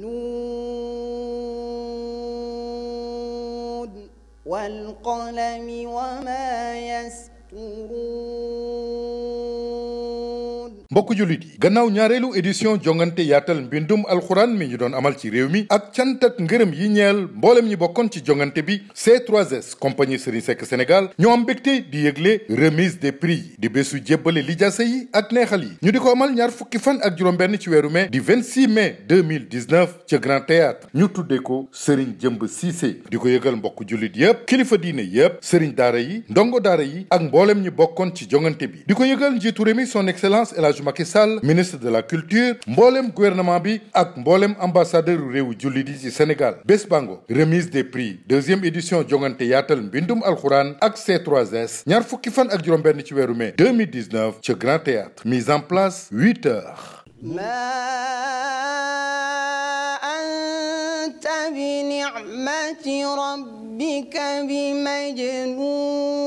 نون والقلم وما يسطرون mbokk jullit yi gannaaw ñaareelu édition jongante yaatal mbindum alxuraan mi ñu doon amal ci réew mi ak cant ak ngërëm yi ñeel mboolem ñi bokkoon ci jongante bi C3S compagnie Serigne Seck Sénégal ñoo am mbégte di yëgle remise des prix yi di bésu jébbale lijaasa yi ak neexal yi ñu di ko amal ñaar fukki fan ak juróom-benn ci weeru mai di 26 mai 2019 ca Grand Théâtre ñu tuddee ko Serigne Jëmb Cissé di ko yëgal mbokk jullit yépp kilifa diine yépp Serigne daara yi ndongo daara yi ak mboolem ñi bokkoon ci jongante bi di ko yëgal njiitu réew mi Hadj Macky Sall ministre de la culture mboolem gouvernement bi ak mboolem ambassadeur réewu jullit yi ci Sénégal bés bango remise des prix deuxième édition jongante yaatal mbindum alxuraan ak C3S ñaar fukki fan ak juróom-benn ci weeru mai 2019 ca Grand Théâtre mise en place huit heures. bi ni'mati rabbika bi majnun